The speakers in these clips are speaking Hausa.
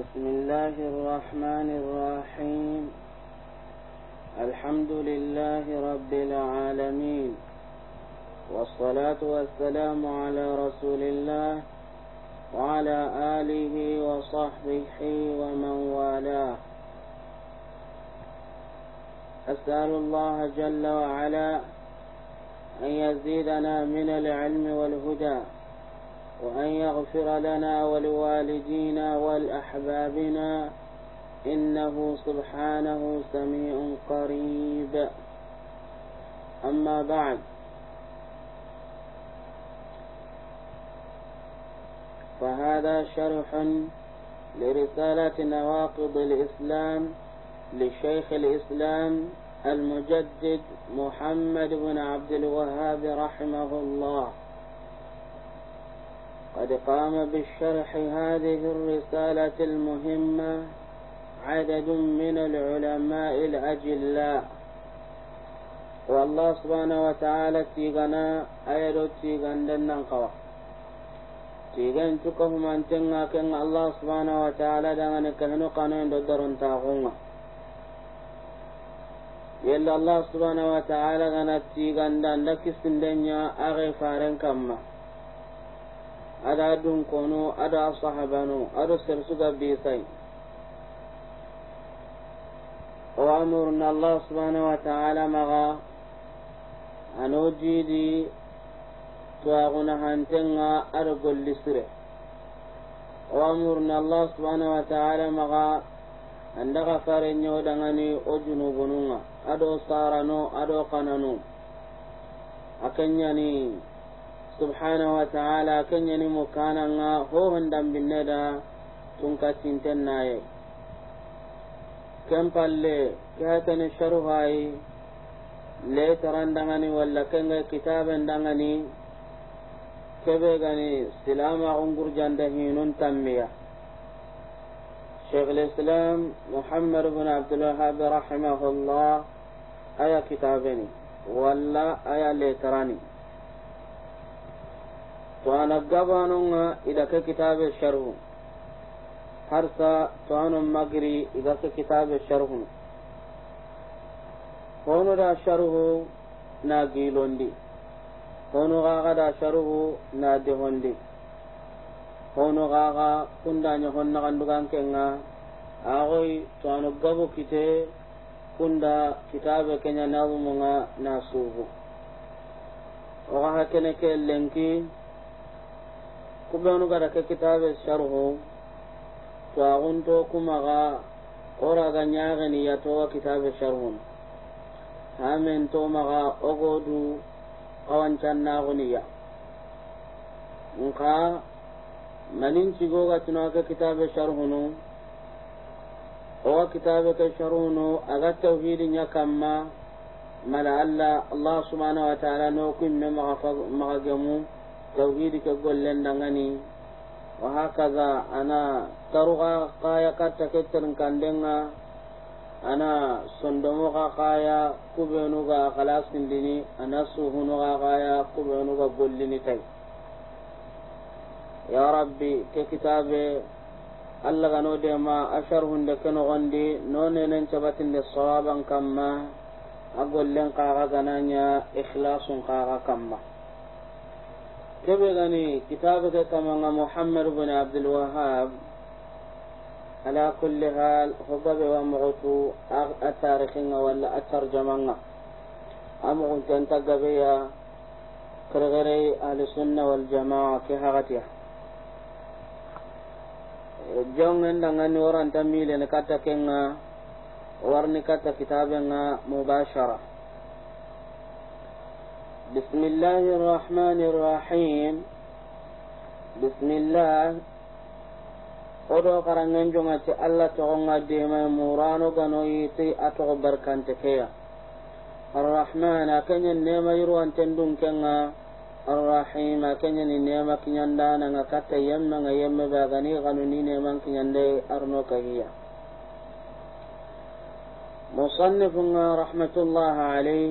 بسم الله الرحمن الرحيم الحمد لله رب العالمين والصلاة والسلام على رسول الله وعلى آله وصحبه ومن والاه أسأل الله جل وعلا أن يزيدنا من العلم والهدى وأن يغفر لنا ولوالدينا ولأحبابنا إنه سبحانه سميع قريب أما بعد فهذا شرح لرسالة نواقض الإسلام لشيخ الإسلام المجدد محمد بن عبد الوهاب رحمه الله قد قام بالشرح هذه الرسالة المهمة عدد من العلماء الأجلاء والله سبحانه وتعالى تيغنا أيدو تيغن دنن قوى تيغن من تنغا كن الله سبحانه وتعالى دنن كهنو قانون ددرن تاغونا يلا الله سبحانه وتعالى غنا تيغن دن سندن يا أغي فارن كمّا ada dun kono ada sahabano ada sersuga bisai wa amurna allah subhanahu wa ta'ala maga anojidi tuwaguna hantenga ada golli sire wa amurna allah subhanahu wa ta'ala maga andaga fare dangani o junubununga ado sarano ado kananu akanyani subhanahu wa ta'ala kanya ni mukana nga ho handam binne da tun ka tinten naye kan palle kata ni sharuhai le tarandangani walla kanga kitaben dangani kebe gani silama ungur janda hinun tammiya شيخ الإسلام محمد بن عبد الوهاب رحمه الله آية كتابني ولا آية ليتراني توانا غابانون اذا كتاب الشرح هرسا توانا مغري اذا كتاب الشرح هونو دا شرح ناجي لوندي هونو غاغا دا شرح نادي هوندي هونو غاغا كوندانيو هون نغاندوغان كينغا اغوي توانو غابو كيتي كوندا كتاب كينيا نابو مونغا ناسوغو وغاها كينيكي لينكي kubenu gara ke kitabe sharhu to agunto kuma ga ora ga nyaagani ya to kitabe sharhu amen to maga ogodu awan canna goniya nka manin cigo ga tuna ka kitabe sharhunu owa kitabe ka sharhunu aga tauhidin ya kamma mala alla allah subhanahu wa ta'ala no kun me maga maga gemu tauhid ke gollen dangani wa hakaza ana taruga kaya katta ke kandenga ana sondomo ka kaya kubenu ga khalasin dini ana suhunu ka kaya kubenu ga gollini tai ya rabbi ke kitabe allah gano de ma ashar hunde keno gondi none nen cabatinde sawaban kamma a gollen gananya ikhlasun kaga kamma كبه غني كتابة تمام محمد بن عبد الوهاب على كل حال خبب ومغتو التاريخين ولا الترجمان أمغن تنتقبيا كرغري أهل السنة والجماعة كهغتيا jongen dangan أن tamile ne kata kenga warni kata kitabenga mubashara بسم الله الرحمن الرحيم بسم الله odo karangen jonga ti alla togonga dema murano gano yiti atogo barkante keya arrahman akenya nema yiru antendun kenga arrahim akenya ni nema kinyandana nga kata yemma nga yemma bagani ganu ni nema kinyande arno kahiya مصنف رحمة الله عليه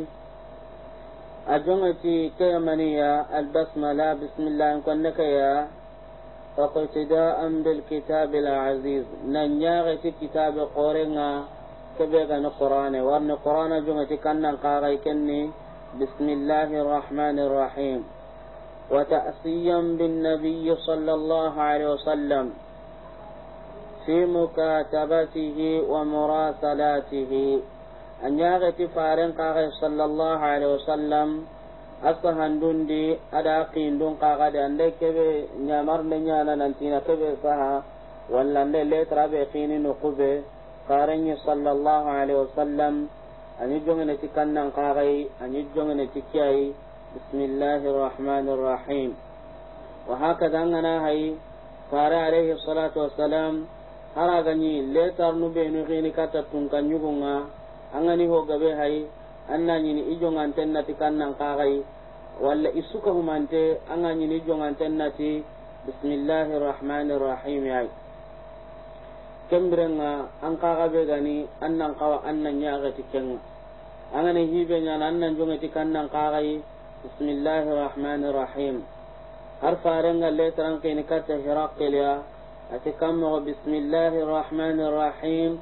أجمعتي كيمنية لا بسم الله إن يا اقتداء بالكتاب العزيز في كتاب قورنا كبيرا نقران وارن قرآن جمعتي كنا قاغي كني بسم الله الرحمن الرحيم وتأسيا بالنبي صلى الله عليه وسلم في مكاتبته ومراسلاته anyageti faren kaga sallallahu alaihi wasallam asa handundi ada kindun kaga da ande kebe nyamar ne nyana nan tina kebe saha walla ande letra be kini no kube faren ni sallallahu alaihi wasallam ani jongene tikannan kaga ani jongene tikai bismillahir rahmanir rahim wa hakada ngana hay fare alaihi salatu wassalam hara ganyi letar nu be no kini kata tunkan nyugunga angani ho gabe hay anna ni ijo nganten nati kannan kagai walla isuka humante anga ni ijo nganten nati bismillahir rahmanir rahim ay kembrenga an kaga be gani annan kawa annan ga tikenga angani hibe nya annan jonga tikannan kagai bismillahir rahmanir rahim har farenga le kini kata hiraqil ya ati kammo bismillahir rahmanir rahim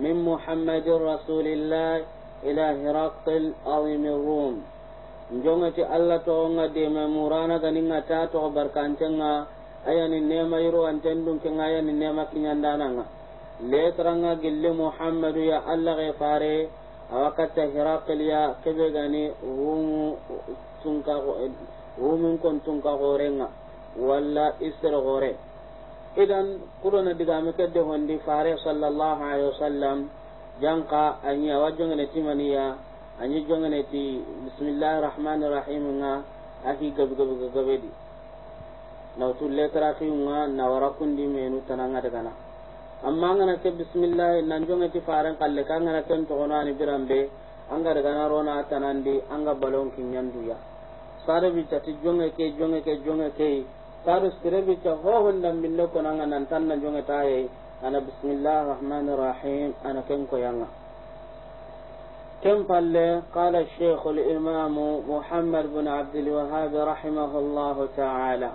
من محمد رسول الله إلى هرقل أظيم الروم جونت الله تونا ديما مورانا غنينا تاتو بركانتنا أيا نيما يرو أنتندون كنا أيا نيما كنياندانا ليترنا قل محمد يا الله غفاري وقت هرقل يا كبه غني روم سنكا غورين ولا إسر غورين idan kurona digame kedde hondi fare sallallahu alaihi wasallam janka anya wajongene timaniya anyi jongene ti bismillahir rahmanir rahim nga di letra fi nga kundi menu tananga daga na amma ke bismillah nan ti kalle kan ken to ona ni birambe anga daga na rona tanandi anga balon kinyandu ya sare bi tati ke ke jonge ke kado sirebe ca hohon dan أنا ko nanga nan انا بسم الله الرحمن الرحيم انا rahman rahim كم قال الشيخ الإمام محمد بن عبد الوهاب رحمه الله تعالى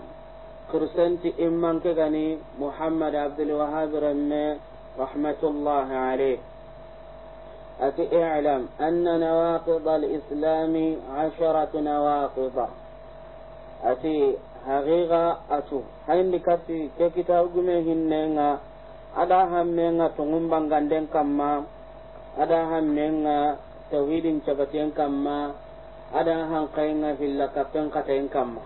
كرسنت إمان كغني محمد عبد الوهاب رمي رحمة الله عليه أتي اعلم أن نواقض الإسلام عشرة نواقض أتي haqiqa asu hayndi kasi ke kitabu gume hinnenga ada hammenga tungumbanganden kamma ada hammenga tawhidin cabaten kamma ada hankayenga hilla kappen katayen kamma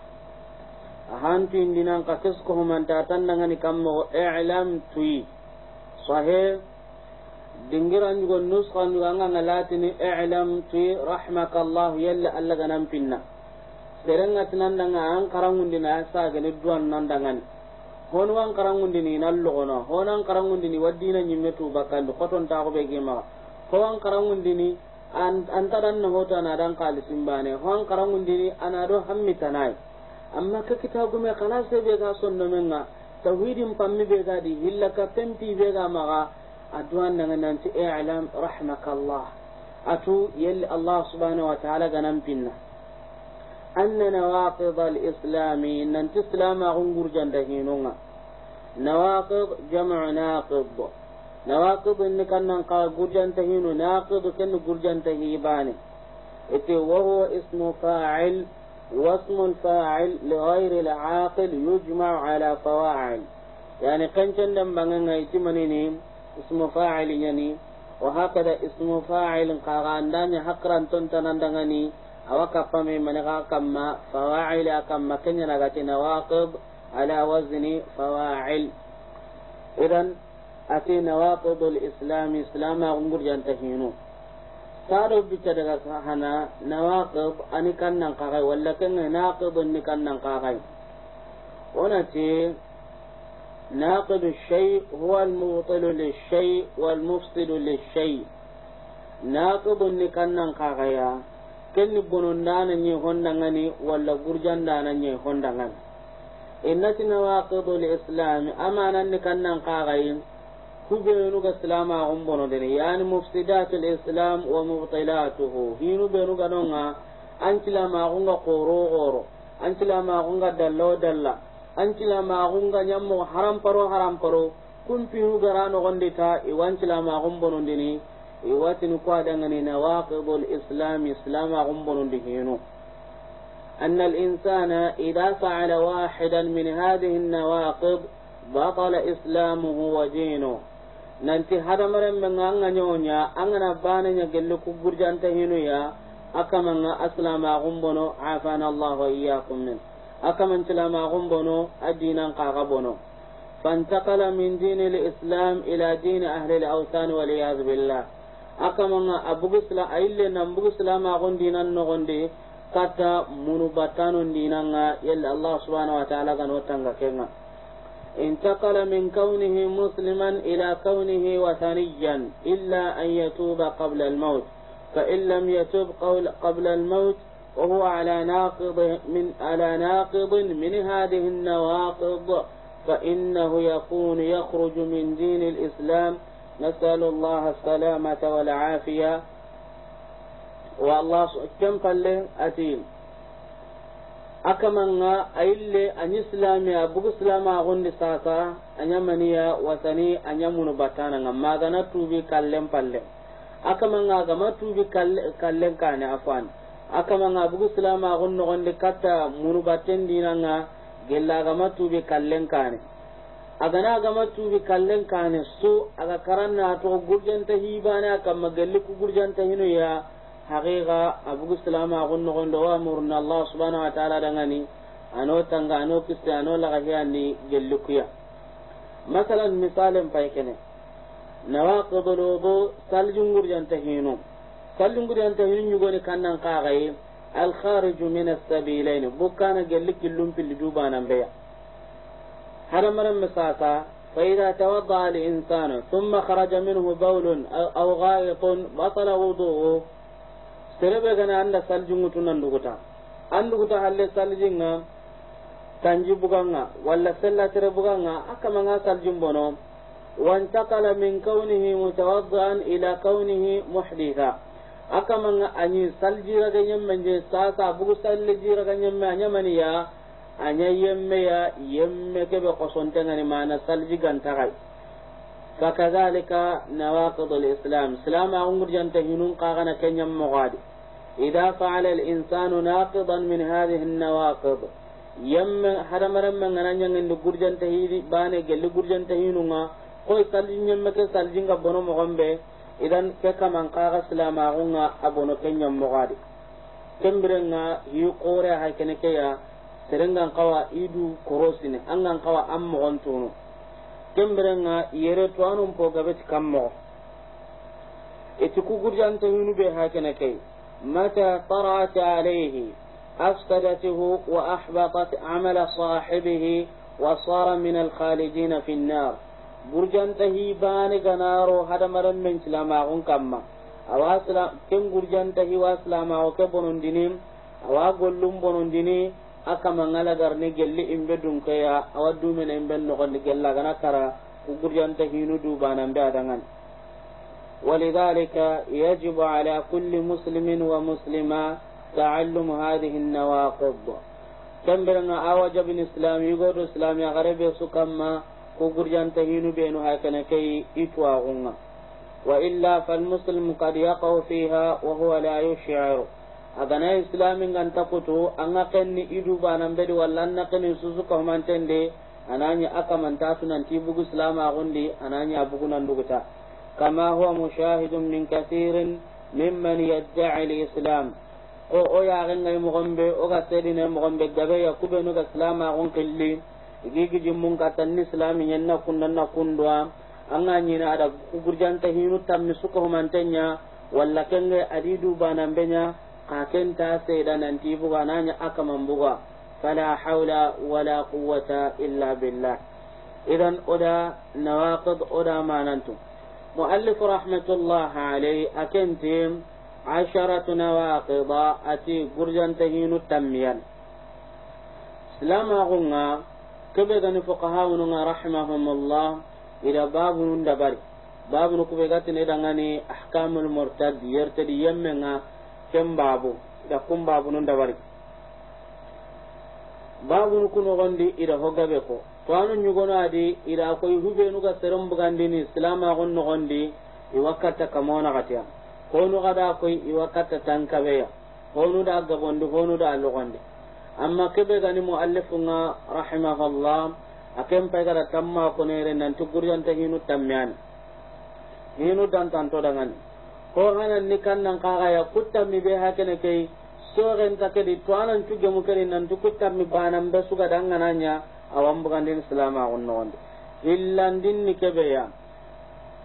ahantu indinan ka kesko humantatan dangani kammogo ilam tuyi sahe dingiranjugo nuskanjugo anganga latini ilam tuyi rahmaka allah yalla allah ganan pinna serenga tinandanga an karangundina sagene duwan nandangani honu an karangundini nan logono honu an karangundini waddina ñimme tubakandi kotontaxuɓe gimaxa ho an karangundini an na nahoto anadan kalisimbane ho an karangundini anaɗo hammitanayi amma ka kitagume kana sebe ga sonnomenga tawhidin pammi be ga di hilla ka tenti be ga maga aduan daga nanti i'lam rahmakallah atu yalli allah subhanahu wa ta'ala ganan pinna أن نواقض الإسلام أن تسلام غنقر جندهينونا نواقض جمع ناقض نواقض إنك أن قال جندهين ناقض كن جندهيباني إتي وهو اسم فاعل واسم الفاعل لغير العاقل يجمع على فواعل يعني كان جندم بغنغا يتمنيني اسم فاعل يعني وهكذا اسم فاعل قاغانداني حقرا تنتنندغني awa kappa min maniga kamma fawa'il akamma kenyanagati nawaqib ala wazni fawa'il idan ati nawaqib alislam islama gungurjanta hinu taɗo bicca daga hana nawaqib ani kannan kakai walla kenga naqibun ni kannan kakai onati ناقض الشيء هو المبطل للشيء والمفسد للشيء ناقض نكنا قاغيا kenni bonondana ñe hondangani walla gurjandana ñe hondangani innati nawaqidu lislami amananni kannan islama kubenuga bono bonodeni yani mufsidatu islam wa mubtilatuhu hinu qoro ɗonga ancilamaxunga koro koro dallo dalla o dalla ancilamaxunga ñammogo haramparo haramparo kumpinugaranoxondita iwancilamaxun bonondini يواتن قادا نواقض الإسلام إسلام غنبل لهينو أن الإنسان إذا فعل واحدا من هذه النواقض بطل إسلامه ودينه ننتي هذا مرن من أنغا نيونيا أنغنا بانا نجلك برجان تهينويا أكما أسلام غنبنو عافانا الله إياكم منه أكما سلام غنبنو الدين قاغبنو فانتقل من دين الإسلام إلى دين أهل الأوثان والعياذ بالله akamanga abugu sila aille nan bugu silama gondi nan no gondi kata munu batano dinanga yalla allah subhanahu wa ta'ala kan watanga kenga انتقل من كونه مسلما إلى كونه وثنيا إلا أن يتوب قبل الموت فإن لم يتوب قبل الموت وهو على ناقض من على ناقض من هذه النواقض فإنه يكون يخرج من دين الإسلام نسأل الله السلامة والعافية والله كم فله أتيم akamanga aille anyi silamiya bugu silama agundi sasa anya maniya wasani anya munu batana tubi kallen palle akamanga gama tubi kallen kane afan akamanga bugu silama agun nogondi katta munu batten dinanga tubi kallen kane agana gama tubi kallen kane so aga karanna to ta hibana kan magalli ku ta hinu ya haqiqa abu salama gun no gondo wa murna allah subhanahu wa ta'ala dangani ano tanga ano kiste ano laga yani galli ku ya masalan misalen pay kene nawaqidul wudu saljun gurjanta hino saljun ta hino nyugoni kannan qaqay al kharij min as-sabilain bukana galli killum fil dubana beya هذا من المساقة فإذا توضأ الإنسان ثم خرج منه an أو غائط بطل وضوءه serebe gana anda salji ngutuna nduguta anduguta halle salji nga tanji buganga walla sella tere buganga akama nga salji mbono wantakala min kaunihi mutawaddan ila kaunihi muhditha akama nga anyi salji raga nyemme nje sasa bugu salli jiraga nyemme anya yemme ya yemme kebe kosontengani mana salji gantaxay fakadhalika nawaqid alislam islam axungurjanta hinun na kaxana keñammoxoadi ida faala alinsanu naqidan min hadihi nawaqid yemme hadamarenme ngana ñangindi gurjanta hidi bane gelli gurjanta hinunga koy salji ñemme ke saljinga bono moxonɓe idan ke kaman kaxa silamaxunga a bono keñammoxoadi kembirenga hi qore hay kene keya serengan kawa idu korosini angan kawa an mogon tono kemberenga yere to anum po gabet kammo eti ku gurjanta yunu be hakene kai mata tarat alayhi afsadatuhu wa ahbatat amala sahibihi wa sara min al-khalidina fi an-nar gurjanta hi bane ganaro hada maran men silama gon kamma awasla ken gurjanta hi waslama o ke bonon dinim awa gollum bonon dinim akama ngala garne gelli imbe dun kaya awaddu mena imbe no gondi gella gana kara kugurjanta hinu du banan da dangan ولذلك يجب على كل مسلم ومسلمة تعلم هذه النواقض كم برنا أوجب الإسلام يقول الإسلام يا غرب سكما كوغرجان تهين بينو هكذا كي إتواغنا وإلا فالمسلم قد يقع فيها وهو لا يشعر agana islami ganta kutu an ga kenni idu banan bedi walla an na kenni susu ananya aka manta sunan sunanti bugu islama gundi bugu nan duguta kama huwa mushahidun min kathirin mimman yad'i al-islam o o ya ngai mogombe o ga sedi ne mogombe gabe ya kube no ga islama gon kelli igigi jimmun ka tan islami yanna kunnan na kundwa an ga nyina ada gurjanta hinu tammi suko mantenya walla kenge adidu banan benya ka kenta seda nanti buga nanya akaman buga fala hawla wala quwwata illa billah idan oda nawaqid oda manantu مؤلف رحمة الله عليه أكنتم عشرة نواقض أتي قرجان تهين التميان سلام أغنى كبغن فقهاؤنا رحمهم الله إلى باب دبر باب نكبغتنا إلى أحكام المرتد يرتدي يمنا ken babu da kun babu nun da bari babu nu kuno gondi ida hogabe ko to anu nyugono adi ida koy hube nu ga serum bugandi ni islama gon no gondi i wakata kamona gatia ko nu gada koy i wakata tankabe ya ko nu da gabondi ko nu da lugondi amma kebe gani nga rahimahullah akem pegara tamma ko nere nan tugurjan tahinu tamyan hinu dan tanto dangan ko ganan ni nan kaga ya kutta mi be hakene kai so ren ta ke di to anan tu gemu kare nan tu kutta mi banan be su dangana nya awam bukan din salama a gonno wonde illan din ni be ya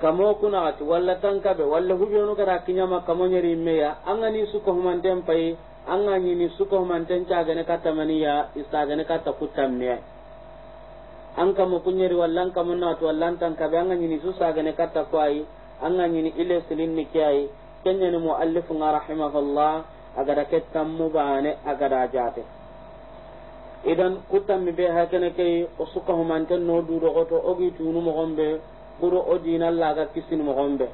kamo kuna ati walla tan be walla hubiyonu kada kinya ma kamo nyeri me ya angani su ko humanten pai angani ni su ko humanten ta ne kata maniya ne kata kutta mi an kama kunyari wallan kama na to wallan tan be an ni su sagane katta kwai anga ñini ille silinni ke ayi kenñani muallif nga rahimahullah agada ke tammubane agada jate idan kutammi be ha kene key o sukahumanten no duɗoxoto ogi tunu moxon ɓe ɓuro o dinallaga kisin moxon ɓe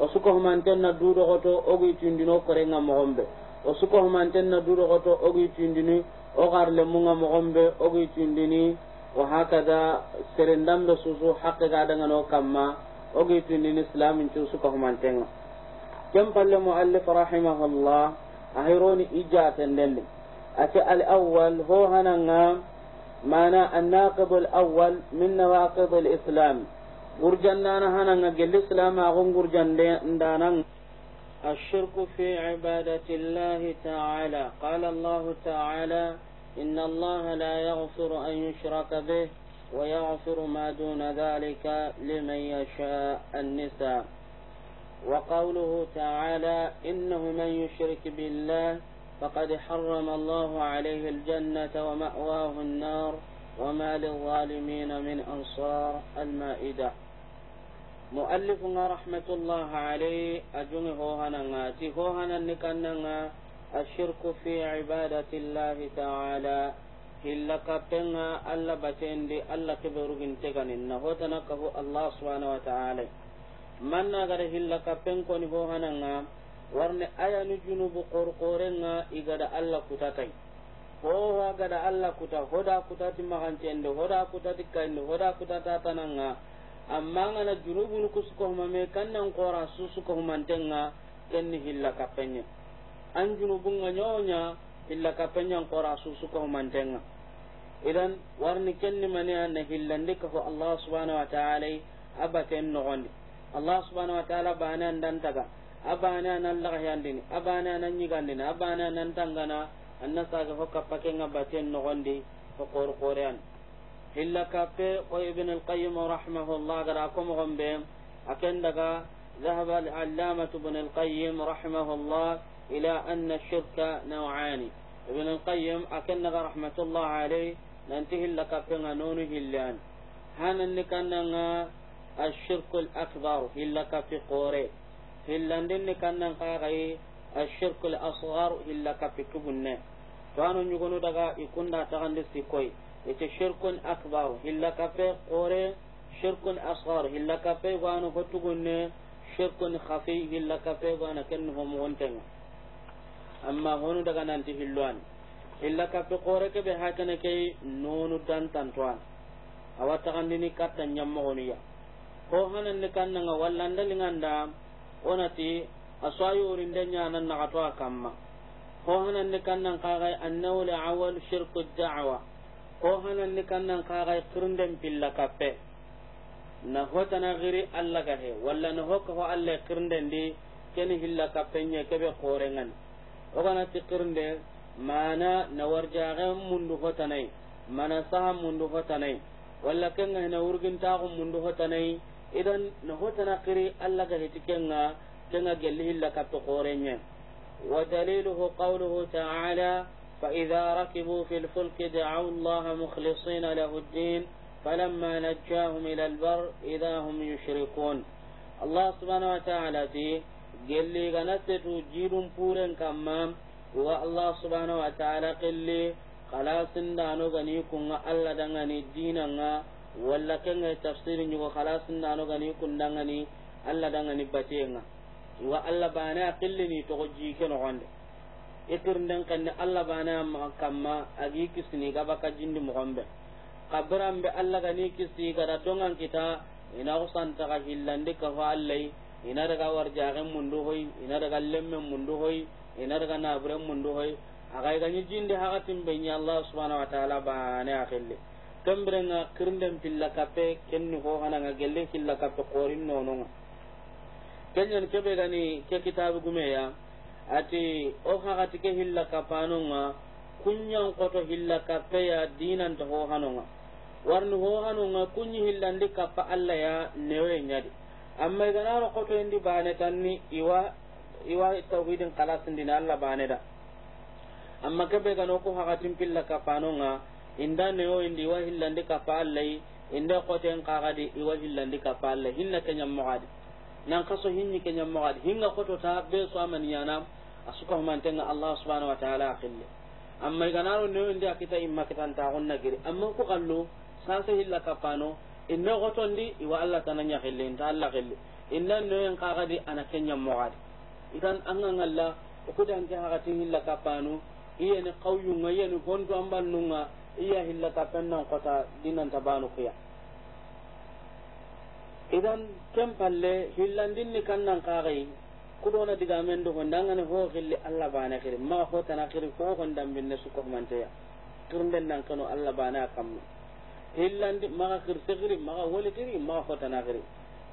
o sukahumanten na duɗoxoto ogi tundino korenga moxon ɓe o sukahumanten na duɗoxoto ogi tundini o xar lemunga moxon ɓe ogi tundini o hakaga serendamɓe susu xaqe ga dangano kamma ogiti ni islam in tusu ka كم قال المؤلف رحمه الله أهيروني إجاة للي أتى الأول هو هنا معنى الناقض الأول من نواقض الإسلام gurjanndana hananga gelli silamaxun gurjanndana الشرك في عبادة الله تعالى قال الله تعالى إن الله لا يغفر أن يشرك به ويغفر ما دون ذلك لمن يشاء النساء وقوله تعالى إنه من يشرك بالله فقد حرم الله عليه الجنة ومأواه النار وما للظالمين من أنصار المائدة مؤلفنا رحمة الله عليه أجن هوهنا تهوهنا نكننا الشرك في عبادة الله تعالى hilla kapenga alla batendi alla kibirugin teganin na hota nakahu allah subhanahu wa ta'ala manna gare hilla kapen ko ni hohananga warne aya ni junubu qorqorenga igada alla kutakai ko wa gada alla kuta hoda kutati mahantende hoda kutati kainde hoda kutata tananga amma ngana junubu ni kusuko mame kannan qora susuko mantenga kenni hilla kapenya an junubu nga nyonya illa kapenya qora susuko mantenga idan warni kenni mani an hillandi ka fo allah subhanahu wa ta'ala abaten nogondi allah subhanahu wa ta'ala bana andan taga abana nan laga yandini abana nan nyigandini abana nan tangana anna saga fo kapake ngabaten nogondi fo qor qoran hilla kappe ko ibn al qayyim rahimahullah gara ko mo gombe aken daga ذهب العلامة ابن القيم رحمه الله إلى أن الشرك نوعان ابن القيم أكنغ رحمة الله عليه nanti hilla kappenga nonu hillan hananni kannanga ashirku lakbar hilla kappi kore hillandinni kannan kaxayi ashirku lasgar hilla kappi tubunne to ano ñugonu daga ikunda taxandi sikkoy ite shirkun akbar hilla kappe kore shirkun asgar hilla kappe gano hotugunne shirkun khafi hilla kappe gana kenni homogontenga amma honu daga nanti hilluani illa kappe kore ke be hakene ke nonu tan tan toan awa tagandini katta ñammogoniya ko kan nga walla ndalinganda onati nan na naxatoa kamma ko hananni kannan kaxay la awal shirku dawa ko hananni kannan kaxay kirnden pilla kappe na giri alla ga he walla na hokka ho alla kirnden di ken hilla kore ngan. korengani oganati kirnde mana na warjaxe mundu hotanai mana saha mundu hotanai walla kenga hena wurgintaxu mundu hotanai idan na hotana kiri allah ga heti kenga kenga gelli hilla kapto korenye ودليله قوله تعالى فإذا ركبوا في الفلك دعوا الله مخلصين له الدين فلما نجاهم إلى البر إذا هم يشركون الله سبحانه وتعالى تي قال لي غنست جيرم بورن كمام wa allah subhanahu wa ta'ala qilli khalasin da no gani kun allah dangani dinan ga walla kan ga tafsirin yugo khalasin da no gani kun dangani allah dangani batenga wa allah bana qilli ni to ji ken gonde ikirnden kanne allah bana makamma agi kisni ga ka jindi mo hombe qabran be allah gani kisi ga dongan kita ina ta ga hillande ka fa Allah ina daga warjaren mundu hoy ina daga lemmen mundu hoy ina daga na bure mun do hoy aga ga ni jinde haga timbe ni allah subhanahu wa ta'ala ba ne akhille kambire nga kirndem pilla kape kenni ho hana ga gelle killa kape qorin nono kenyen kebe gani ke kitab gume ya ati o haga tike hilla kapano nga kunyan koto hilla kape ya dinan to ho hano nga warni ho hano nga kunyi hillandi kapa allah ya newe nyadi amma ganaro koto indi bane tanni iwa iwa tauhidin kalasin dina Allah ba ne da amma kebe ga no ko hakatin pilla ka panonga inda ne yo indi wa hillandi ka Allah inda qoten di iwa hillandi ka Allah hinna kenya mu'ad nan kaso hinni kenyam muadi hinga koto ta be so amani yana asuka tenga Allah subhanahu wa ta'ala akille amma ganaro ne inda kita imma ta gonna giri amma ko kallo sa hilla ka pano inna ndi iwa Allah tananya khille inta Allah khille inna ne en di ana kenya mu'ad idan an an Allah ku dan ke haka tin hilla kapano iya ne qawyu ngaya ne gonto ambal nunga iya hilla kapen nan kota dinan tabanu kuya idan kem palle hillandin ni kannan kagai kudona diga men do gondanga ne ho gilli Allah bana kire ma ho tana khiri ko gondam ne su ko mante ya turnden nan kano Allah bana kamma hillandi ma khir sigri ma wali tiri ma ho tana khiri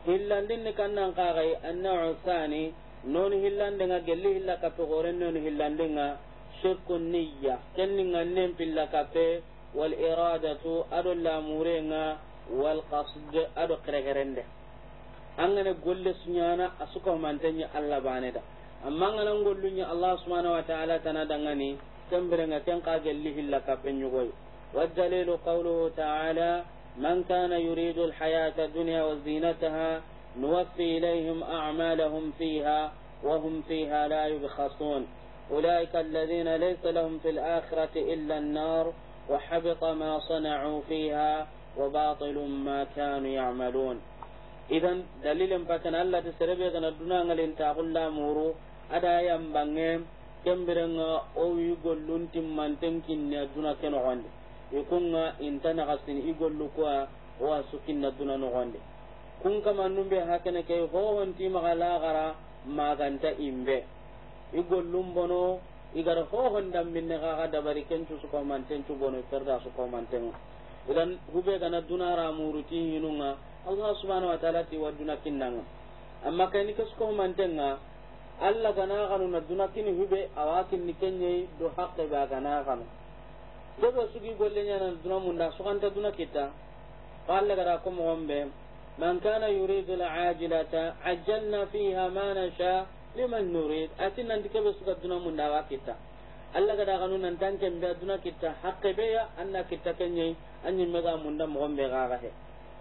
hillandin ni kannan kare annu usani noni non hillandenga gelli hilla gore horen non nga shirku niyya kenninga nen pilla kappe wal iradatu aɗo lamurenga wal qasd aɗo kerekerende angane golle suñana a sukahumantenye allah baneda amma nganan golluñe allah subhanahu wa taala tana dangani nga ken ka gelli hilla kappe ñugoy والدليل قوله تعالى من كان يريد الحياة الدنيا وزينتها نوفي إليهم أعمالهم فيها وهم فيها لا يبخسون أولئك الذين ليس لهم في الآخرة إلا النار وحبط ما صنعوا فيها وباطل ما كانوا يعملون إذا دليل فتن الله تسربي أن الدنيا لن تقول لا مورو أدا ينبغي kembirenga أو يقول timmanten kinne duna ke كنغاني يكون إن تنغسن يقول لكوا sukinna الدنيا نغاني kun kamannun be hakene ke howonti maga lagara maganta imbe i gollum bono igara hohon damminne kaga dabari su kencu sukomanten cu bono ferda sukomantenga idan hube kana dunara muruti hinunga allah subhanahu wa taala ti waduna kinnanga amma kani ke sukomantenga allah gana ganu na duna kini hube awakinni kenyei do haqqe ba gana ganu kebe sugi golle nyana duna munda sukanta duna kita ko allah gara ko mo gombe من كان يريد العاجلة عجلنا فيها ما نشاء لمن نريد أتنا أنت كيف سكتنا من دعوة كتا Allah ga daga nunan tan kan da duna kitta hakke be ya anna kitta kanye anyi mega mun da mo be ga he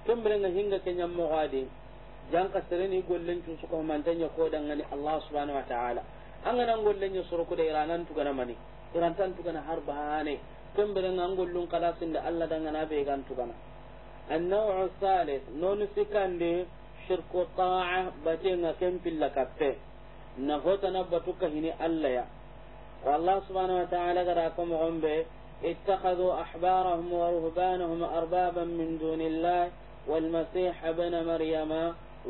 kembere na hinga kanya mo gadi jan kasare ni gollen tun su ko man tanya ko dan ngani Allah subhanahu wa ta'ala an ga nan gollen da iranan tu kana mani iran tan tu kana har bahane kembere nan gollun kalasin da ala dan ngana be gan tu النوع الثالث نون سكندي شرك الطاعة بتينا كم في اللكبتة نهوت نبتك هني ألا والله سبحانه وتعالى قراكم هم به اتخذوا أحبارهم ورهبانهم أربابا من دون الله والمسيح ابن مريم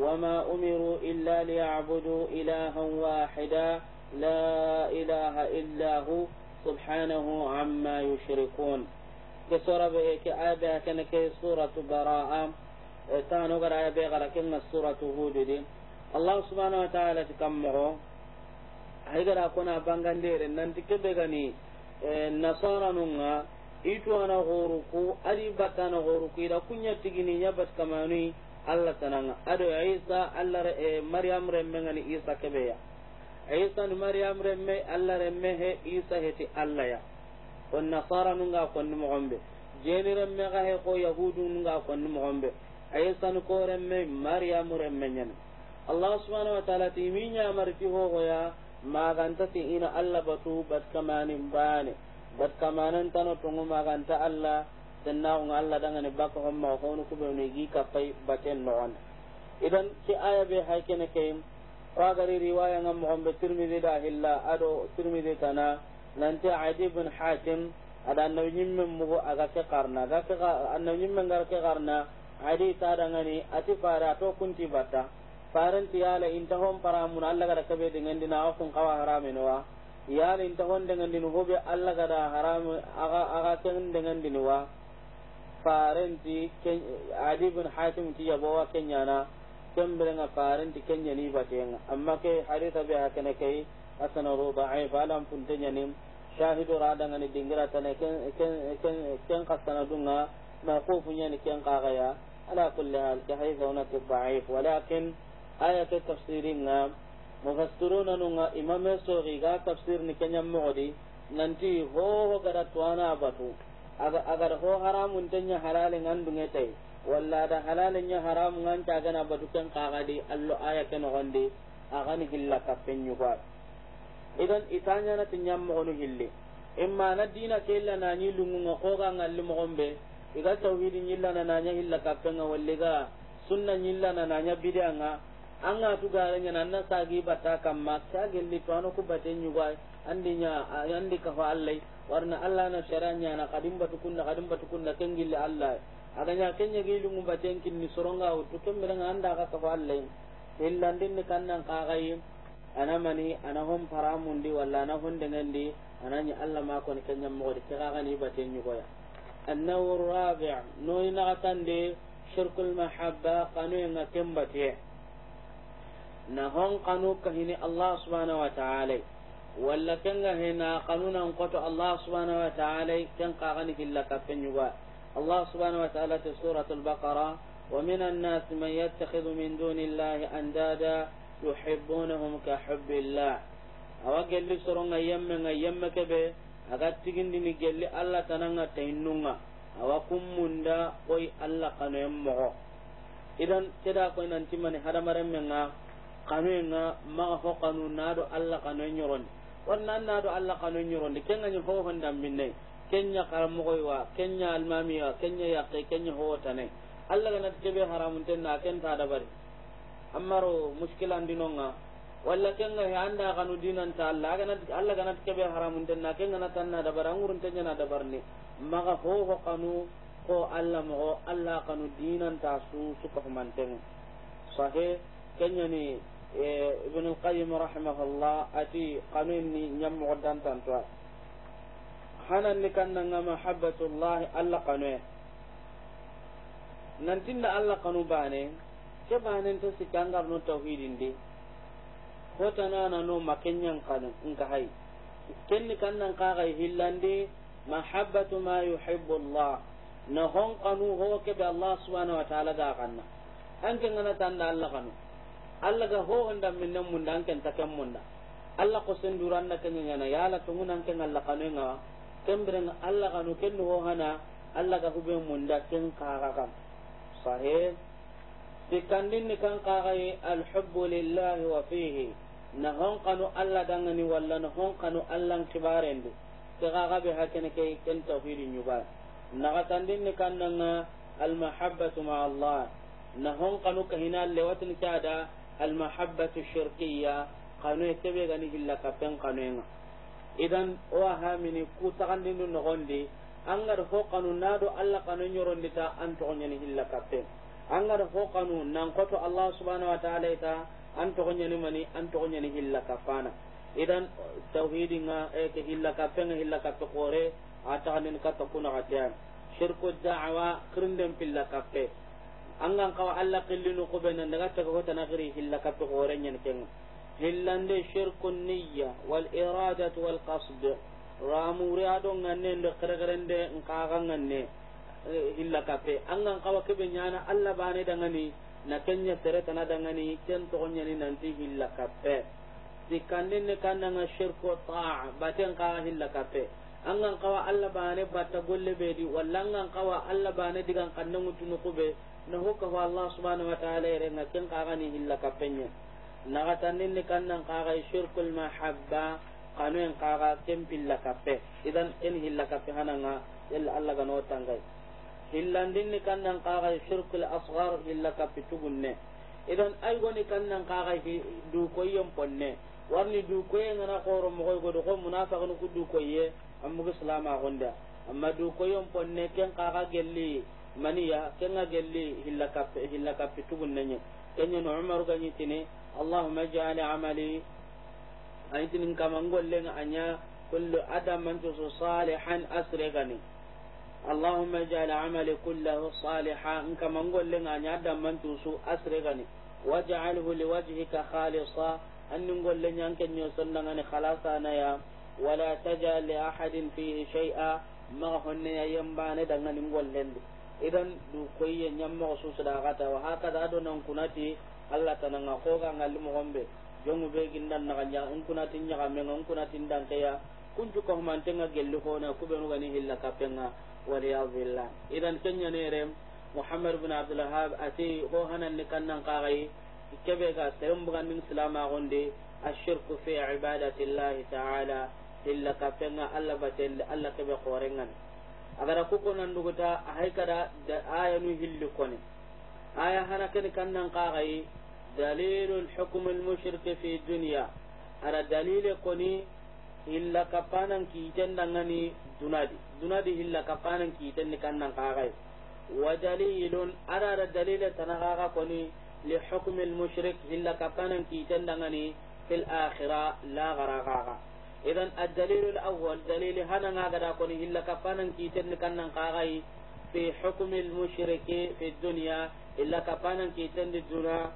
وما أمروا إلا ليعبدوا إلها واحدا لا إله إلا هو سبحانه عما يشركون ke sura be ke aya be kana ke suratu baraa ta no gara aya be gara kenna suratu hud di allah subhanahu wa ta'ala tikammo ay gara kona bangandere nan kebe gani nasara nunga itu ana goruku adi batana goruku ida kunya tigini nyabat kamani Allah tananga ado Isa Allah re Maryam remme ngani Isa kebe ya Isa ni Maryam remme Allah remme he Isa heti Allah ya kon nasara nun ga konni mogonɓe jeni remme ga he ko yahudu nun ga konni mogonɓe aisanu ko remme mariamu remme ñani allah subhanau wa taala ti mi ñamariti hogoya magantati ina allah batu batkamanin bane batkamanantano tongu maganta allah sennaxunga allah dangani bakka homma honu kuɓeni gi kappay baten idan ke aya be hay kene kayim ko agari riwaya nga mogonɓe tirmidi da hilla ado tirmizi kana nanti adi bin hatim ada annabi nyimme mugo aga ke karna aga ke annabi nyimme ngar ke karna adi ta dangani ati fara to kunti bata faran ala inta para mun Allah gara kabe dengan dina kun kawa haramin wa ya inta hon dengan dinu hobe Allah gara haram aga aga ken dengan dinu wa faran ti adi bin hatim ti yabo wa kenyana kembere nga faran ti kenya ni amma ke haditha be hakene kai hasana ro da'if alam kun tanyanim shahidu radanga ni dingira tane ken ken ken qasana dunga ma qufu nyani ken qagaya ala kulli hal ka hayza una ke da'if walakin ayat tafsirina mufassiruna nunga imam sori ga tafsir ni kenyam modi nanti ho ho gara tuana batu agar ho haramun tanya halalin andunge tai walla da halalin ya haramun an ta gana batu ken qagadi allo aya ken gonde agani hilla kapen yuwa idan itanya na tinyam mo ñammogonu hille imma na dina kella na ni lungu ngo lungunga koga ngalli gombe iga tawhid ni nyilla na nanya hilla kapenga wallega sunna ni nyilla na nanya bidanga anga tu garanya nanna sagi bata kam kamma sagi litwano ku bate nyuga andinya andi ka fa allai warna allah na syaranya na kadim batu kunna kadim batu kunna li allah adanya kenya gi lungu bate kin ni soronga utu kemira anda ka fa allai illa ndin kannan ka gayi ana mani ana hon paramundi walla ana hon dengendi anani allah ma kon kanya mogodi kaga gani baten yugoya annahu rabi' no ina katande shirkul mahabba kanu nga kembate na hon kanu kahini allah subhanahu wa ta'ala walla kenga hena kanunan koto allah subhanahu wa ta'ala ken kagani hilla kapen yugoya allah subhanahu wa ta'ala ta suratul baqara ومن الناس من يتخذ من دون الله أندادا yuhibbunahum ka hubbillah awa gelli soronga yemme nga yemme kebe aga tigindini gelli allah tananga tainnunga awa kummunda koy allah kanoyen mogo idan keda koy nanti mani hadamaremme nga kanu nga ma ho kanu naado allah kanoye ñorondi wonna kanu nyoron de kenga ñorondi kengañi hohon dambinnayi kenya koy wa kenya almamiya kenya yaqe kenya howotanayi allah ganat kebe haramun tenna ken ta dabari amaro muskilan dinonga walla kenga he anda kanu dinan ta Allah gana Allah gana kebe haramun tan na kenga na tanna da barangurun tan na da barne maga ho ho kanu ko Allah mo Allah kanu dinan ta su su ko manten sahe kenya ni e, ibn qayyim rahimahullah ati kanu ni nyam mo dan hanan ni kanna ngama habbatullah Allah kanu e. nantinda Allah kanu bane ke banen to sikangar no tauhidin de ko ta nana no makenyan kanu nka hay kenni nan ka ga hillande mahabbatu ma yuhibbu Allah na hon kanu ho ke da Allah subhanahu wa ta'ala ga kanna an kin kan ta tanda Allah kanu Allah ga ho min nan mun dan kan ta kan mun da Allah ko sun duran na kenya na yala to mun an kan Allah kanu nga kembren Allah kanu ken ho hana Allah ga hubbe mun da kin ka ga kan sahih tikandinni kan kaxaye alhubu lillahi wa fihi na honkanu allah dangani walla na honkanu allahn kibarendi ke xaxaɓe ha kene ke ken tawhidi ñugan naxatandinni kan nanga almahabatu ma allah na honkanu kahina lewatin kada almahabatu shirkiya kanue keɓe gani hilla kappen kanuenga idan owa hamini ku taxandinni noxondi an gar ho kanu naɗo allah kanu ñorondita an toxoñani hilla kappen angada nan nankoto allah subhanau wa taala ita an togoñani mani an togoñani hilla kaffana idan tawhidinga eke hilla kaffenga hilla kappe koore a taxanin katta kunaxatean shirku dawa kirnden pilla kappe angan kawa allah qillinu kuɓena ndaga taga hotana xiri hilla kappe kooreñani kenga hillande shirku niya waliradatu walkasd ramuri aɗo nganne ndo xeregerende nkaxa nganne illa kafe an gan kawa kebe nyana Allah bane dangani na kenya sere tana dangani ken to nyani nanti illa kafe dikanne ne nga shirku ta'a baten ka illa kafe an gan kawa Allah bane batta golle be di wallan gan kawa Allah bane digan kannan mutunu kube na hokka wa Allah subhanahu wa ta'ala yare na ken ka gani illa nya na gatanne ne kannan ka ga shirkul mahabba kanu en kaga kempilla kappe idan en hilla kappe hananga yalla Allah ga no tangai dinni kannan kaxay shirkul asghar illa kapitugunne idan goni kannan du dukoyen ponne warni na ngana koro mogoy do ko munafiqun ku dukoye amugu islama gonda amma dukoyen ponne ken kaxa gelli maniya ga gelli hilla illa hilla kappe ne kenya no umar ga tini allahumma ja'al amali aytinin kama ngollenga anya kullu adam man tusu salihan asregani اللهم اجعل عملي كله صالحا ان كما نقول لنا ان يدى من توسو اسرغني واجعله لوجهك خالصا ان نقول لنا ان كن يوصلنا خلاص انا يا ولا تجعل لاحد فيه شيئا ما هن ينبان دنا نقول لنا اذا دو كوي نيمو سوسدا غتا وهكذا دون كناتي الله تنغا خوغا ngalimo hombe jongu be gindan na ganya in kunatin nyaga men in kunatin dan kaya kunju ko tenga gelli hona ku be ngani hilla kapenga wali azilla idan kenya ne re muhammad ibn abdul wahhab ati ho hanan ne kannan qagai kebe ga sayum bugan min salama gonde ashirku fi ibadati allah ta'ala hilla kapenga alla batel alla kebe qorengan agara ku ko nan duguta kada da ayanu hilli koni aya hana ken kannan qagai dalilul hukm al mushrik fi dunya ara dalile koni illa kapanan kiten dangani dunadi dunadi illa kapanan kiten ni kannan kagai wa dalilun arara dalila tanagaga koni li hukmi al mushrik illa kapanan kiten dangani fil akhirah la garagaga idan ad dalil al awwal dalil hananga gada koni illa kapanan kiten ni kannan kagai fi hukmi al mushriki fi dunya illa kapanan kiten di dunya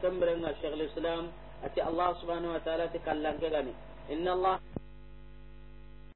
tambrenga syekhul islam ati allah subhanahu wa ta'ala ti kallan gani إن الله